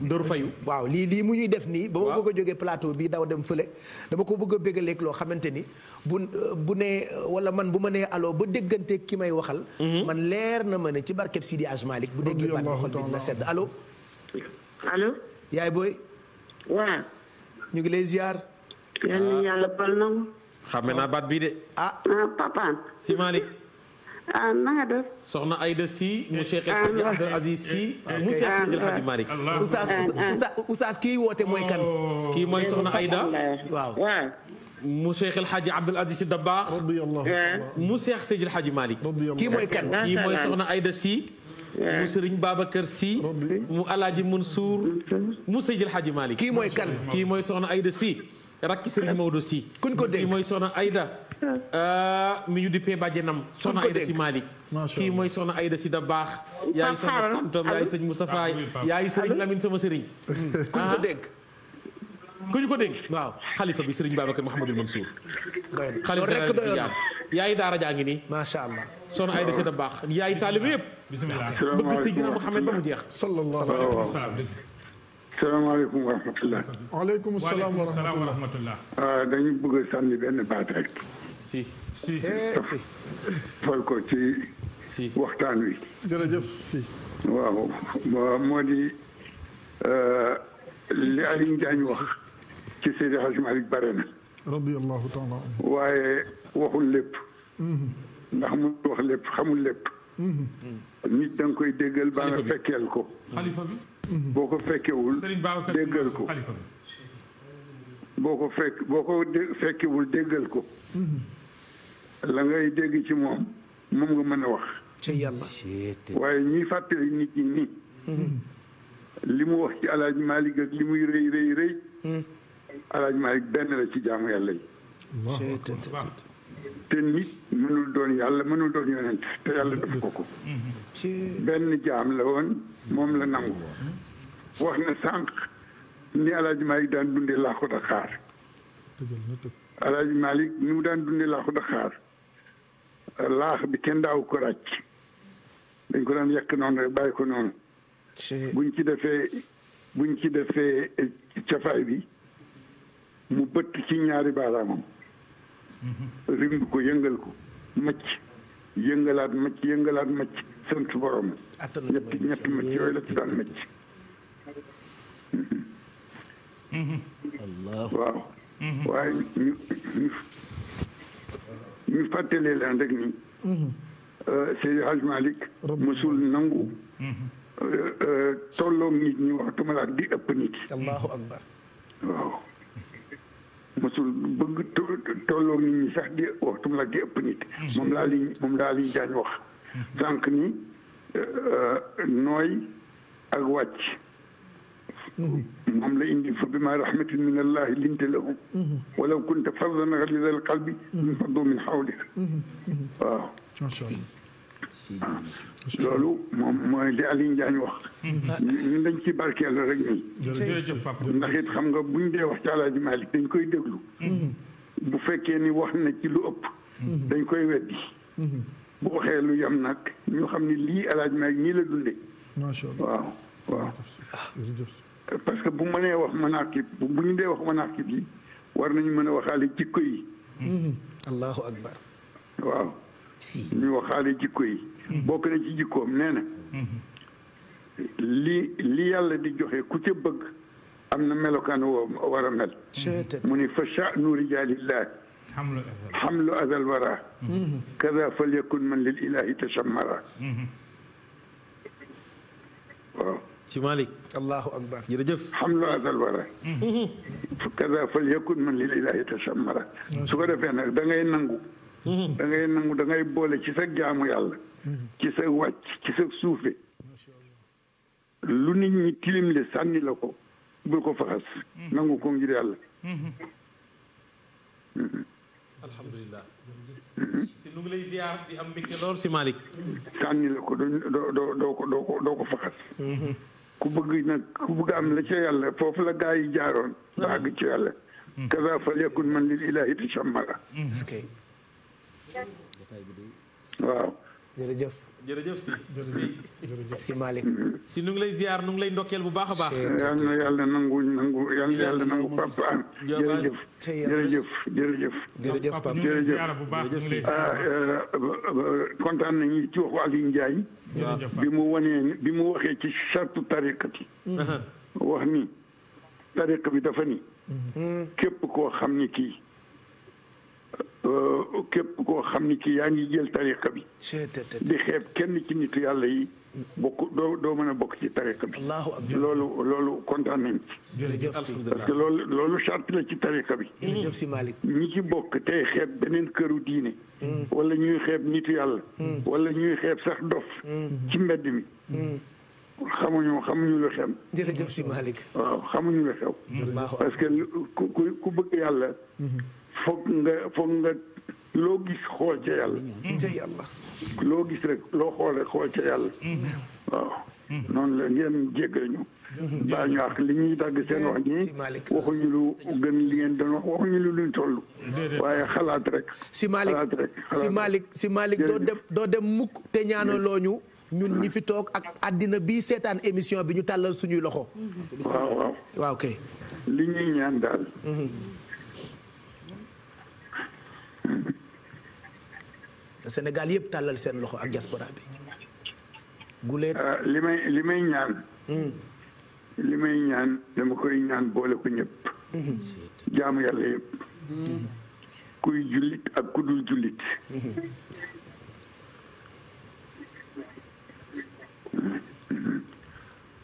dóor fayu waaw lii lii mu ñuy def nii ba ma bëgg a jógee plateau bi daw dem fële dama ko bëgg a bégaleeg loo xamante ni bu bu nee wala man bu ma nee allo ba déggante ki may waxal mhm. man leer na ma ne ci barkeb Sidi Aj bu déggee baat ma xol bi dina sedd allo allo yaay booy ñu ngi lay ziar xame naa baat bii de ah, ah papa si Malik ah soxna Aida Sy mu Cheikh El Hadj Abdou Aziz Sy mu Cheikh Sidil Hadji Malick. Oustaz Oustaz kii woote mooy kan. Oh. kii mooy soxna ayda waaw mu Cheikh El Hadj Abdou mu Cheikh Sidil Hadji Malick. kii mooy kan. kii mooy soxna Aida Sy. mu Serigne Babacar Sy. mu Alaaji Mansour. mu Seydil Hadji Malick. kii mooy kan. kii mooy soxna Aida Sy. rakki Serigne Maodo Sy. kuñ soxna Aida. Euh, mi ñu di pee bàjjenam soxna Ayda si Malick kii mooy soxna Ayda si da baax yaay soxna Kantom yaay sëñ Moustapha yaay sëriñ Lamine sama sëriñ kuñ ko ah. dégg ku ñu ko dénk waaw xalifa bi sëriñ Babacar Mouhamadul Mansour xalifa rek doyoon na yaay daara jaa ngi nii macha allah soxna Ayda si da baax yaay taaliba yëpp bëgg Seydina Muhammad ba mu jeex sallallahu alayhi wa sallam salaamaaleykum wa rahmatullah waaleykum salaam wa rahmatullah ah, dañu bëgg a sànni benn baat rek si si si fal ko ci si waxtaan wi jërëjëf si waaw moo di li Alioune Diagne wax ci Seydi Hadji Malick bare na radiyallahu taala waaye waxul lépp ndax mu wax lépp xamul lépp nit da nga koy déggal ba nga fekkeel ko xalifa bi boo ko fekkewul déggal ko boo ko fekk boo ko fekkewul déggal ko la ngay dégg ci moom moom nga mën a wax. ca yàlla. waaye ñuy fàttali nit ñi nii. Mm-hmm. li mu wax ci alaaj Malik ak li muy rëy rëy rëy. Mm. alaaj Malik benn la ci jaamu yàlla yi. te nit mënul doon yàlla mënul doon yonent te yàlla def ko ko. benn jaam la woon moom la nangu. wax na sànq ni alaaj Malik daan dundee laaxu da xaar. alaaj Malik ni mu daan dundee laaxu da xaar. laax bi kenn daaw ko ràcc dañ ko daan yekk noonu rek bàyyi ko noonu buñ ci defee buñ ci defee eh, cafaay bi mu bëtt ci ñaari baaraamam ring ko yëngal ko macc yëngalaat macc yëngalaat macc sënt borom ñetti ñetti macc yooyu la ci daan macc waaw waaye ñu ñu fàttali leen rek ni. Mhm. Euh, Seydi Hadj Malick. mosul nangu. Mhm. Euh, euh, tolloog nit ñi waxtuma laa di ëpp nit. allahu bëgg tolloog nit ñi sax di waxtuma laa di ëpp nit. Mhm. moom laa li moom laa liñ daan wax. sànq ni nooy ak wàcc. اللهم لإني فبما رحمة من الله لنت لهم ولو كنت فظا غليظ القلب انفضوا من حولك waaw ma sha Allah loolu moom mooy li Aliou Njaañ wax ñun dañ ciy barkeelu rek nii ndax it xam nga buñ dee wax ci Alaaji Malick dañ koy déglu bu fekkee ni wax na ci lu ëpp dañ koy weddi bu waxee lu yam nag ñu xam ne lii Alaaji Malick ñii la dunde waaw waaw parce que bu mënee wax manaqib bu bu ñu dee wax manaqib yi war nañu mën a waxaale jikko yi. Mm-hmm. allahu akbar. waaw ñu waxaale jikko yi. Mm-hmm. bokk na ci jikkoom nee na. Mm-hmm. li li yàlla di joxe ku ca bëgg am na melokaan woo war a mel. mu ni fa sha'nu rijaalillah. hamlu azal wara. kaza fal yakun man lil ilahi tashammara ci Malick allahu akbar jërëjëf hamdulillah salbara kada fal yakun man lil ilahi tasammara su ko defee nag da ngay nangu mm-hmm. da ngay nangu da ngay boole ci sa jaamu yàlla mm-hmm. ci sa wàcc ci sa suufe lu nit ñi tilimle sànni la ko bul ko faxas mm-hmm. nangu ko ngir yàlla alhamdulilah si sànni la ko doo ko faxas ku bëgg nag ku bëgg am la ca yàlla foofu la gaa yi jaaroon hmm. ba àgg ci yàlla hmm. kaza fal yakun man lil ilahi tasammala hmm. waaw jërëjëf jërëjëf si jërëjëf si Malick si nu ngi lay ziar nu ngi lay ndokkeel bu baax a baax yal na yàlla nangu nangu yal yàlla nangu papa am jërëjëf jërëjëf jërëjëf jërëjëf papa jërëjëf ah, eh, eh, kontaan nañu ci waxu Aliou Ndiaye bi mu wanee bi mu waxee ci sartu tariqati uh-huh. wax ni tariq bi dafa ni mm-hmm. képp koo xam ni kii képp koo xam ni ki yaa ngi jël tariqa bi di xeeb kenn ci nitu yàlla yi bokk doo doo mën a bokk ci tariqa bi loolu loolu kontaan nañ ci parce que loolu loolu charte la ci tariqa bi ñi ci bokk tey xeeb beneen këru diine wala ñuy xeeb nitu yàlla wala ñuy xeeb sax dof ci mbedd mi xamuñu xamuñu lu xew. jërëjëf si Malick. waaw xamuñu lu xew. parce que ku ku bëgg yàlla. foog nga foog nga loo gis xool ca yàlla. Mm-hmm. ca loo gis rek loo xool xool ca yàlla. Mm-hmm. waaw. Mm-hmm. noonu la ngeen jéggal ñu. li ñuy dagg seen wax ñi waxuñu lu gën li ngeen doon wax waxuñu lu luñ toll. waaye xalaat rek. si Malick si Malick doo dem doo dem mukk te ñaanaloo ñu. ñun ñi fi toog ak àddina bi seetaan émission bi ñu tàllal suñuy loxo. waaw. waaw kay. li ñuy ñaan daal. te Sénégal yëpp tàllal seen loxo ak diaspora bi. guleet euh, li may ñaan. Hmm. li may ñaan dama koy ñaan boole ko ñëpp. Hmm. jaamu yàlla yëpp. Hmm. kuy jullit ak ku dul jullit.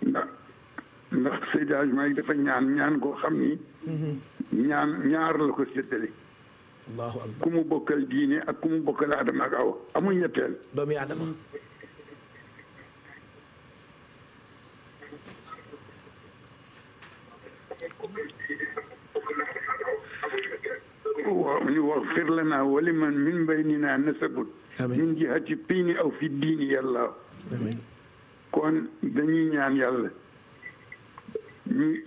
ndax ndax séddage may dafa ñaan ñaan koo xam ni. ñaan ñaar la ko ku mu bokkal diine ak ku mu bokkal Adama ak Awa amul ñetteel. doomi Adama. waaw واغفر لنا ولمن من بيننا نسب من جهة الدين أو في الدين يلا kon dañuy ñaan yàlla Ni.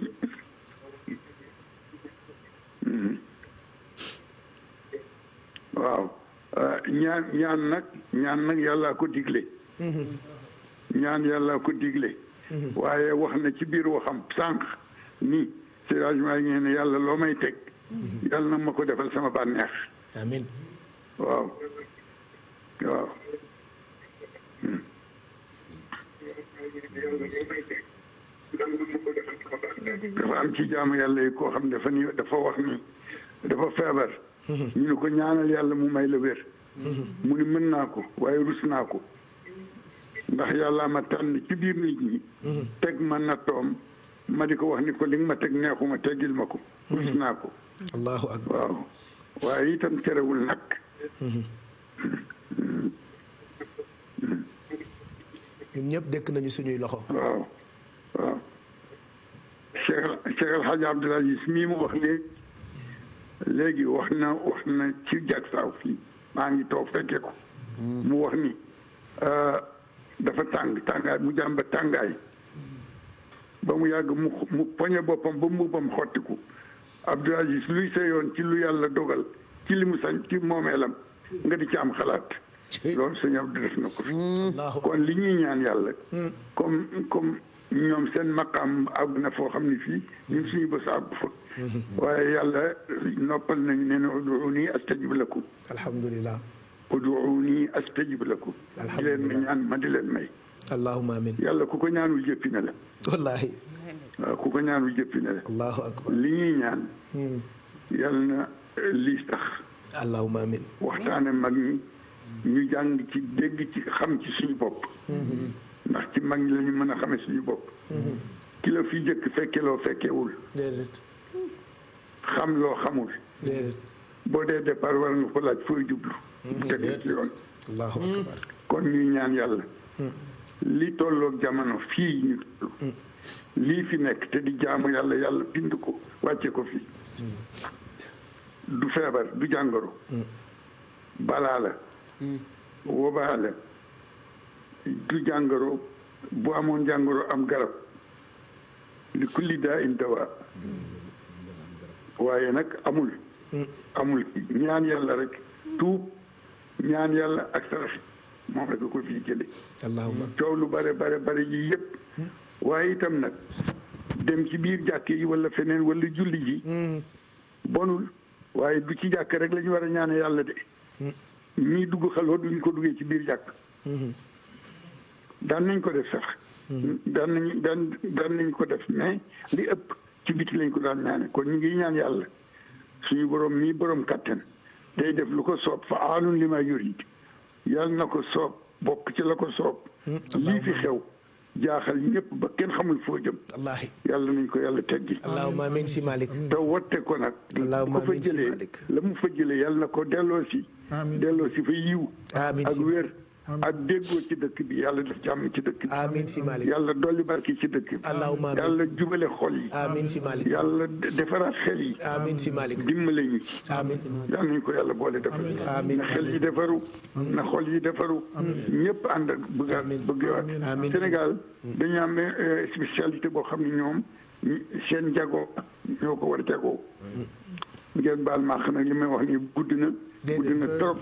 waaw eh, ñaan ñaan nag ñaan nag yàllaa ko digle mm-hmm. ñaan yàllaa ko digle mm-hmm. waaye wax na ci biir waxam sànq ni séragement yi ngeen ne yàlla loo may teg mm-hmm. yàlla na ma ko defal sama bànneex amiin waaw waaw hmm. dafa ci jaamu yàlla yi koo xam ne wax ni dafa feebar ñu ne ko ñaanal yàlla mu may la wér mu ni mën naa ko waaye rus naa ko ndax yàlla ma tànn ci biir nit ñi teg ma nattoom ma di ko wax ni ko li nga ma teg neexuma teggil ma ko rus naa ko allahu akbar waaw waaye itam cerewul nag ñun ñëpp dëkk nañu suñuy loxo waaw waaw Cheikh Cheikh El Aziz mii mu wax léegi léegi wax na wax na ci jag saaw fii maa ngi toog fekke hmm. mu wax ni euh, dafa tàng tàngaay mu jàmba tàngaay ba mu yàgg mu mu poñe boppam ba mu mbubbam xottiku Abdou Aziz luy sa yoon ci lu yàlla dogal ci li mu sañ ci moomeelam nga di ci am xalaat loolu sëñ Abdou def na ko hmm. kon li ñuy ñaan yàlla hmm. comme comme ñoom seen maqaam àgg na foo xam ne fii ñun suñu bës àgg fa waaye yàlla noppal nañ nee na uduuni astajib lakum alhamdulilah uduuni astajib lakum di leen ma ñaan ma di leen may allahuma amin yàlla ku ko ñaanul jëppi na la wallahi ku ko ñaanul jëppi na la allahu akbar li ñuy ñaan yàlla na lii tax allahuma amin waxtaane mag ñi ñu jàng ci dégg ci xam ci suñu bopp mag ñi la mën a xamee suñu bopp. Mhm. ki la fi jëkk fekke loo fekkewul. déedéet. xam loo xamul. déedéet. boo dee départ war nga ko laaj fooy jublu. Mhm. Mhm. ñaan yàlla. li tolloog jamono fii lii fi nekk te di jaamu yàlla yàlla bind ko wàcce ko fi du feebar du jàngoro. balaa la. wobaa la. du jàngoro. bu amoon jàngoro am garab li kulli in dawa waaye nag amul amul ñaan yàlla rek tuub ñaan yàlla ak sarax moom rek a ko fii jële coow lu bare bare bare yi yëpp waaye itam nag dem ci biir jàkk yi walla feneen wala julli ji hmm. bonul waaye du ci jàkk rek la war a ñaane yàlla de hmm. ñii dugg xalwa duñu ko duggee ci biir jàkk hmm. daan nañ ko def sax. daan nañ nañ ko def mais li ëpp ci biti lañ ko daan ñaane kon ñu ngi ñaan yàlla suñu borom mii borom kàttan day def lu ko soob fa aalun li ma yurid yàlla na ko soob bokk ci la ko soob. Hmm, lii fi xew. jaaxal ñëpp ba kenn xamul foo jëm. wallaahi yàlla nañ ko yàlla teggi. allahumma amiin si Malick. te wotte ko nag. allahumma amiin si Malick la mu fa jëlee yàlla na ko delloo si. delloo si fa yiw. amiin si ak wér. ak déggoo ci dëkk bi yàlla def jàmm ci dëkk bi. amiin si Malick yàlla dolli barki ci dëkk bi. allahumma amiin yàlla jubale xol yi. amiin si Malick yàlla defaraat xel yi. amiin si Malick dimbale ñu. amiin yàlla nañu ko yàlla boole defar. amiin na xel yi defaru. na xol yi defaru. ñëpp ànd ak bëgg a bëgg Sénégal mm. dañu am euh, spécialité boo xam ne ñoom seen jago ñoo ko war a jagoo. Mm. baal ma xam ne li may wax nii gudd na. guddi na trop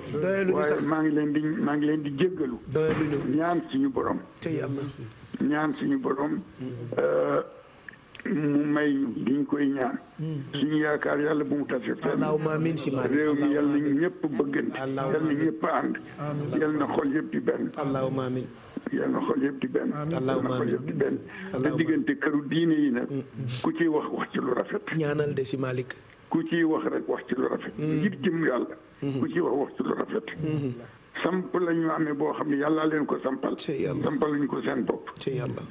maa ngi leen di maa ngi leen di jéggalu ñaan suñu borom ñaan suñu borom euh, mu may diñ koy ñaan mm. ñu yaakaar yàlla bu mu tase fenn réew mi yàlla na ñëpp bëggante yàlla na ñëpp ànd yàlla xol yëpp di benn yàlla xol yëpp di benn yàlla na xol yëpp di benn te diggante këru diine yi nag mm. ku ci wax wax ci lu rafet ñaanal de si Malick ku ci wax rek wax ci lu rafet. Mm-hmm. ngir jëm yàlla. Mm-hmm. ku ci wax wax ci lu rafet. Mm-hmm. samp la ñu amee boo xam ne yàllaa leen ko sampal. sampal lañ ko seen bopp.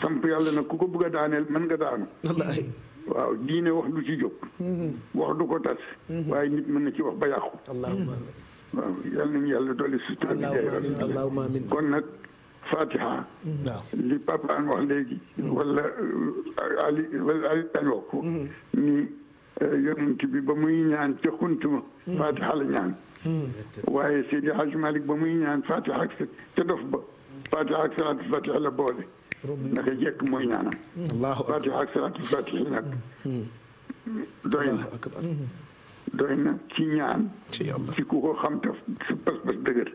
samp yàlla nag ku ko bëgg a daaneel mën nga daanu. wallaahi. waaw diine wax du ci jóg. wax du ko tas. waaye nit mën na ci wax ba yàqu. allahumma waaw yal nañu yàlla dolli sutura bi jaay allahumma amin kon nag Fatiha. li Papa an wax léegi. wala uh, Ali wala Ali Tane wax ko. ni يونين تبي بمين يعني تخنتم فاتح لنيان وهي سيدي حاج مالك بمين يعني فاتح أكثر تدف فاتح أكثر فاتح لبولي نخيجيك مين أنا الله أكبر فاتح أكثر فاتح لك دوين دوين تينيان تيكوه خمتف بس بس دقر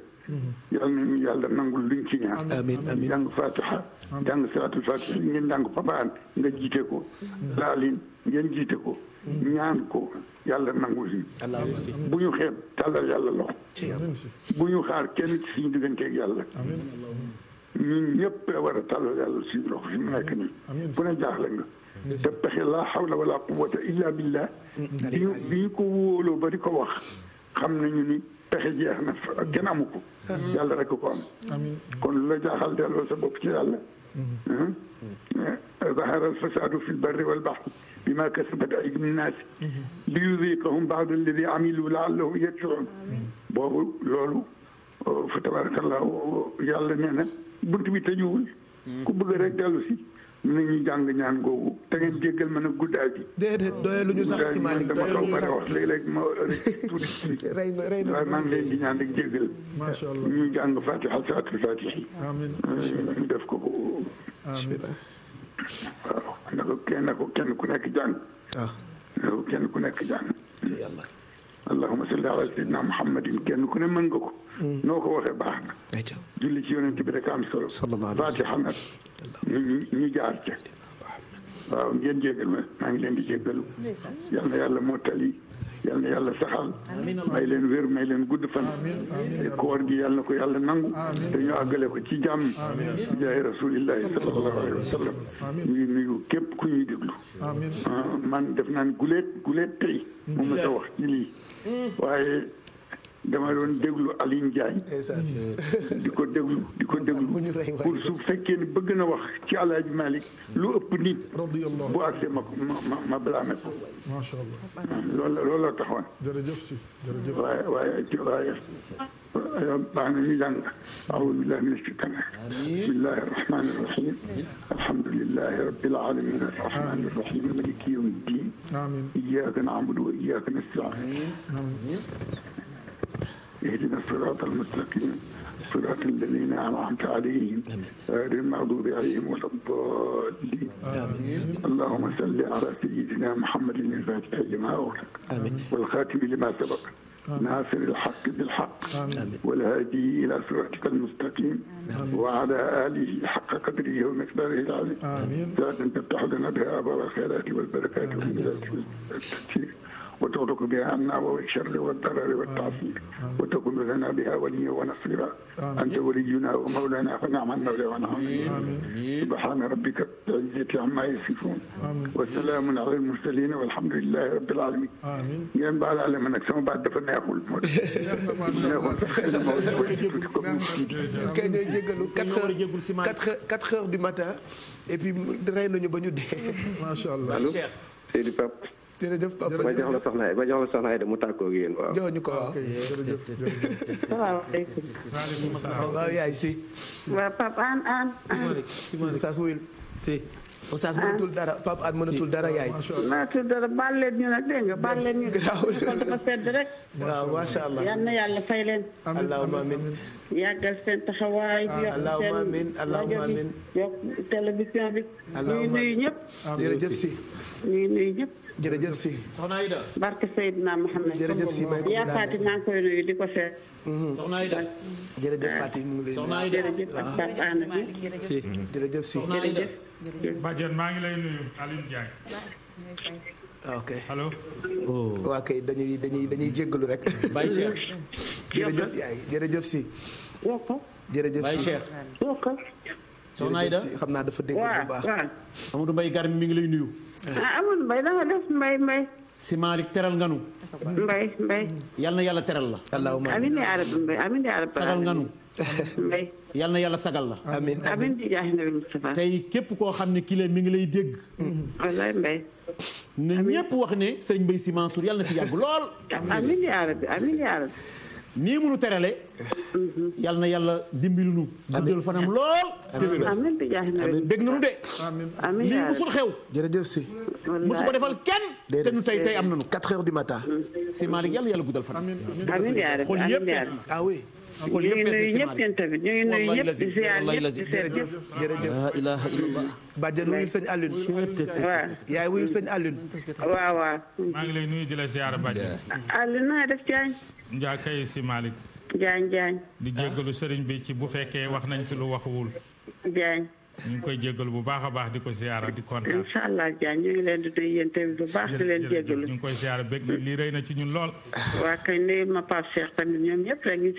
yal nañu yàlla nangul luñ ci ñaan. amiin amiin jàng fatiha. jàng salaatul fatiha ngeen jàng papaan nga jiite ko. laalin ngeen jiite ko. ñaan ko yàlla nangul si. bu ñu xeeb tàllal yàlla loxo. bu ñu xaar kenn ci suñu digganteeg yàlla. ñun ñëpp la war a tàllal yàlla suñu loxo fi mu nekk nii. ku ne jaaxle nga. te pexe laa xawla wala quwwata illa billah. bi ñu ko wóoloo ba di ko wax. خمنني تحيي إحنا جنامك يلا ركوبان كن لا جهل يلا سبكت يلا ظهر الفساد في البر والبحر بما كسبت أيدي الناس ليذيقهم بعض الذي عملوا لعلهم يرجعون بابو لولو فتبارك الله يلا نينا بنت بيتا يول كبغي رك دالو na ñu jàng ñaan googu te ngeen jéggal ma nag guddaay bi. déedéet doyul lu ñu sax si Malick doyul lu ñu sax wax léeg-léeg ma rek tuuti. rey na rey na waaye maa ngi leen di ñaan rek jéggal. macha allah ñu jàng Fatiha def ko. amiin waaw na ko kenn ko kenn ku nekk jàng. waaw ah. kenn ku nekk jàng. اللهم صل على سيدنا محمد كان كنا من جوكو نوكو وفي بحنا جل جيون انت بدك عم صلى الله عليه وسلم حمد نجعل جاك نجعل جاك نجعل جاك نجعل جاك نجعل yàlla na yàlla saxal may leen wér may leen gudd fan koor gi yàlla na ko yàlla nangu te ñu àggale ko ci jàmm bi jaay rasulillahi sallallahu alayhi wa sallam ñu ngi nuyu képp ku ñuy déglu man def naan guleet guleet tey moom la sa wax ci lii waaye dama doon déglu Aline Ndiaye di ko déglu di ko déglu pour su fekkee ni bëgg na wax ci Alaaji Malick lu ëpp nit bu àgsee ma ma ma blâme ko macha allah loolu loolu la taxoon jërëjëf si jërëjëf waaye waaye ci waaye baax na ñu jàng أعوذ بالله من الشيطان بسم الله الرحمن الرحيم الحمد لله رب العالمين الرحمن الرحيم مالك يوم الدين آمين إياك نعبد وإياك نستعين آمين اهدنا الصراط المستقيم صراط الذين أنعمت عليهم غير المغضوب عليهم ولا الضالين اللهم صل على سيدنا محمد الفاتح لما أغلق والخاتم لما سبق ناصر الحق بالحق والهادي إلى صراطك المستقيم وعلى آله حق قدره ومقداره العظيم آمين تفتح لنا بها أبواب الخيرات والبركات والميزات والتسير وتغرق بها عنا والشر والضرر والتعصيب وتكون لنا بها وليا ونصيرا أنت ولينا ومولانا فنعم المولى ونعم سبحان ربك العزة عما يصفون وسلام على المرسلين والحمد لله رب العالمين آمين يعني بعد على منك ثم بعد دفن يقول ما شاء الله 4 heures 4 heures du jërëjëf papa ma jox la soxna ma jox la soxna Aida mu tàggoo ak yéen waaw. jox ñu ko waaw jërëjëf jërëjëf. salaamaaleykum. waaleykum salaam waaw yaay si. waaw papa an an. Oustaz Wil si. Oustaz mënatul dara papa an mënatul dara yaay. mënatul dara baal leen ñu nag dégg nga baal leen ñu. garaawul xool dafa sedd rek. waaw macha allah yal na yàlla fay leen. allahumma amin. yàggal seen taxawaay. allahumma amin allahumma amin yokk télévision bi. allahumma amin ñuy nuyu ñëpp. jërëjëf si. ñuy nuyu ñëpp. jërëjëf si. soxna Aida. barke Seydina Mohamed. jërëjëf si maa ngi koy nuyu di jërëjëf si. Ah, ok waa oh. kay dañuy dañuy dañuy jéggalu rek. Baye jërëjëf yaay jërëjëf si. jërëjëf si xam naa dafa dégg bu baax. Amadou Mbaye Garmi mi ngi lay nuyu. ah Amadou Mbaye da nga def Mbaye Mbaye. si Malick teral nganu nu. Mbaye yal na yàlla teral la. allahumma amiin amiin sagal nga nu. Mbaye. yal na yàlla sagal la. amiin amiin di képp koo xam ne kii la mi ngi lay dégg. wallaay Mbaye. na ñëpp wax ne sëñ Mbaye Sy Mansour yal na fi yàgg lool. amiin amiin nii munu terale mhm. yal na yàlla dimbilu nu guddal fanam lool amiin dégg na nu de lii musul xew jërëjëf si musu ko defal kenn te nu tey tey am nanu quatre heures du matin mhm. si Malick yàlla yàlla guddal fanam xool yëpp ah oui ñu ngi nuyu ñëpp yéen tamit ñu ngi nuyu ñëpp di ziar ñëpp di seet ñëpp. jërëjëf laa ilaaha illallah. Badiane wuyul sëñ Alioune. waaw yaay wuyul maa ngi lay nuyu di la ziar Badiane. Ah, Alioune naa def Diagne. Ndiaye kay si di jéggalu sëriñ bi ci bu fekkee wax nañ fi lu waxuwul. ñu ngi koy jégalu bu baax a baax di ko ziara di kontaan. incha allah Diagne ñu leen di nuyu yéen bu baax leen jégalu. ñu ngi koy ziara bëgg na lii rëy na ci ñun lool. waa kay nuyu ma Pape Cheikh tamit ñoom ñëpp bi. yëpp ñu ngi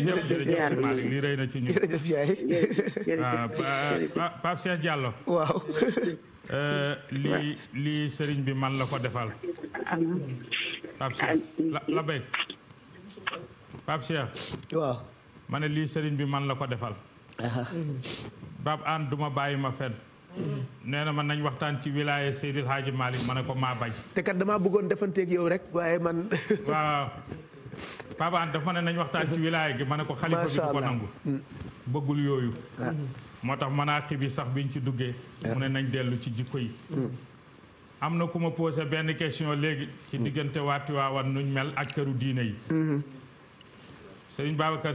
leen lii rëy na ci ñun. jërëjëf ah, euh, lii sëriñ bi man la ko defal. Pape Cheikh la lii sëriñ bi man la ko defal. Bab An duma bàyyi ma fen nee na man nañ waxtaan ci wilaya Seydil Hadji Malick ma ne ko maa bañ. te kat damaa bëggoon defanteeg yow rek waaye man. waaw Bab An dafa ne nañ waxtaan ci wilaya gi ma ne ko. xalifa bi du ko nangu. Hmm. bëggul yooyu. Ah. moo tax manaaxi bi sax biñ ci duggee. Ah. mu ne nañ dellu ci jikko yi. Hmm. am na ku ma posé benn question léegi. ci hmm. diggante waati waawan nuñ mel ak këru diine yi. sëñ Babacar